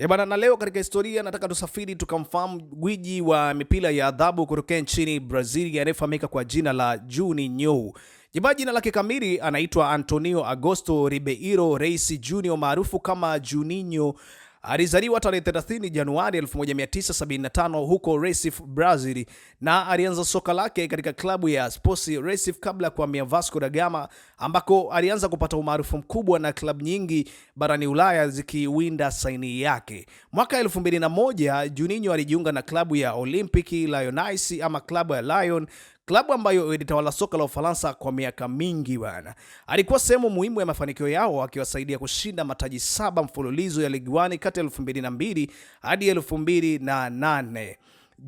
E eh, bana, na leo katika historia nataka tusafiri tukamfahamu gwiji wa mipira ya adhabu kutokea nchini Brazil anayefahamika kwa jina la Juninho. Jamaa jina lake kamili anaitwa Antonio Augusto Ribeiro Reis Junior maarufu kama Juninho Alizaliwa tarehe 30 Januari 1975 huko Recife, Brazil na alianza soka lake katika klabu ya Sporting Recife kabla ya kuhamia Vasco da Gama ambako alianza kupata umaarufu mkubwa na klabu nyingi barani Ulaya zikiwinda saini yake. Mwaka 2001 Juninho alijiunga na klabu ya Olympique Lyonnais ama klabu ya Lyon klabu ambayo ilitawala soka la Ufaransa kwa miaka mingi bwana. Alikuwa sehemu muhimu ya mafanikio yao akiwasaidia kushinda mataji saba mfululizo ya Ligue 1 kati ya 2002 hadi 2008.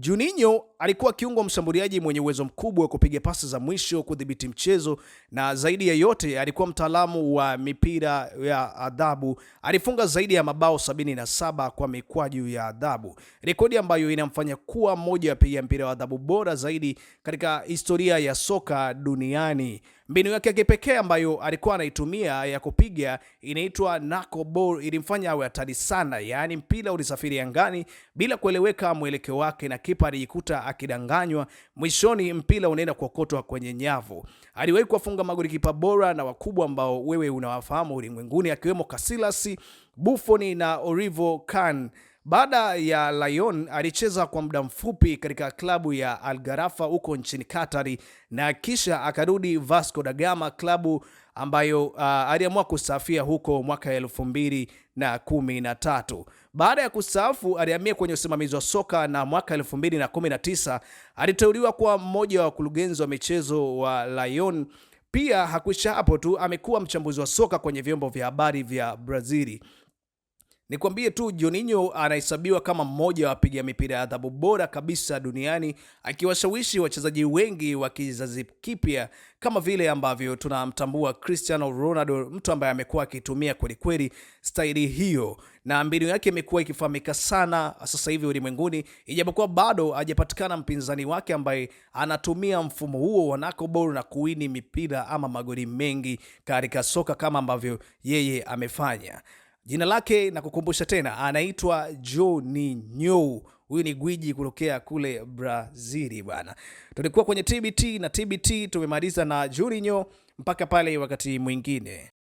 Juninho alikuwa kiungo mshambuliaji mwenye uwezo mkubwa wa kupiga pasi za mwisho, kudhibiti mchezo na zaidi ya yote alikuwa mtaalamu wa mipira ya adhabu. Alifunga zaidi ya mabao 77 kwa mikwaju ya adhabu, rekodi ambayo inamfanya kuwa mmoja wa wapiga mpira wa adhabu bora zaidi katika historia ya soka duniani. Mbinu yake ya kipekee ambayo alikuwa anaitumia ya kupiga inaitwa nako ball, ilimfanya awe hatari sana, yaani mpira ulisafiri angani bila kueleweka mwelekeo wake, na kipa alijikuta akidanganywa. Mwishoni mpira unaenda kuokotwa kwenye nyavu. Aliwahi kuwafunga magoli kipa bora na wakubwa ambao wewe unawafahamu ulimwenguni, akiwemo Casillas, Buffon na Oliver Kahn. Baada ya Lyon alicheza kwa muda mfupi katika klabu ya Al Gharafa huko nchini Katari na kisha akarudi Vasco da Gama, klabu ambayo uh, aliamua kusafia huko mwaka elfu mbili na kumi na tatu. Baada ya kustaafu alihamia kwenye usimamizi wa soka na mwaka tisa aliteuliwa kuwa mmoja wa wakurugenzi wa michezo wa Lyon. Pia hakuisha hapo tu, amekuwa mchambuzi wa soka kwenye vyombo vya habari vya Brazili. Nikwambie tu Jorginho anahesabiwa kama mmoja wa wapiga mipira ya adhabu bora kabisa duniani, akiwashawishi wachezaji wengi wa kizazi kipya kama vile ambavyo tunamtambua Cristiano Ronaldo, mtu ambaye amekuwa akitumia kwelikweli staili hiyo na mbinu yake imekuwa ikifahamika sana sasa hivi ulimwenguni, ijapokuwa bado hajapatikana mpinzani wake ambaye anatumia mfumo huo wa nakobol na kuwini mipira ama magoli mengi katika soka kama ambavyo yeye amefanya. Jina lake nakukumbusha tena, anaitwa joni nyo Huyu ni gwiji kutokea kule Brazili bwana. Tulikuwa kwenye TBT na TBT tumemaliza na Johnny Mpaka pale wakati mwingine.